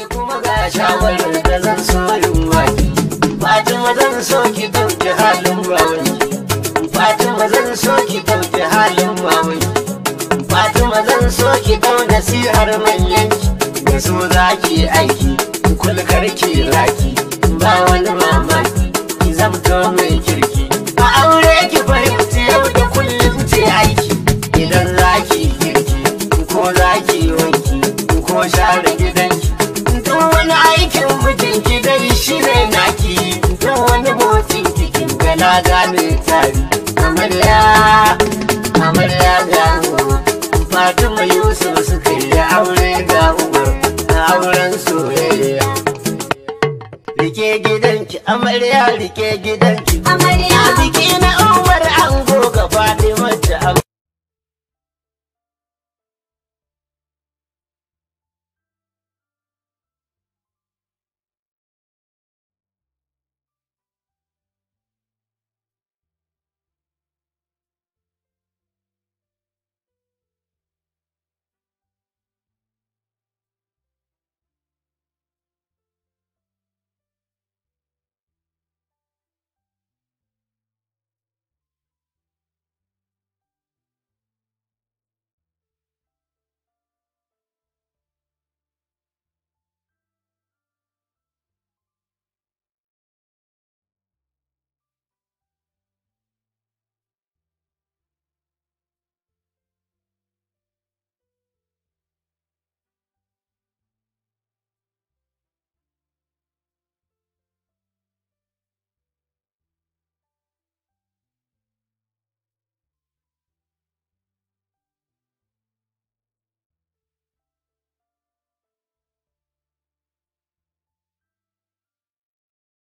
ni kuma ga shawarar da zan so yin waki fatima zan so ki ɗauki halin wawai fatima zan so ki ɗauki halin wawai fatima zan so ki ɗau nasihar manyanki da so za ki aiki kulkar ki raki ba wani mamaki ki zamto mai kirki a aure ki fahimci yau da kullum ce aiki idan za ki kirki, ko za ki wanki ko share gidanki nazari shi ne naki zan wani motsi cikin gana gane tari amarya amarya gano fatima yusuf suka yi aure ga umar na auren soyayya rike gidanki amarya rike gidanki amarya biki na umar ango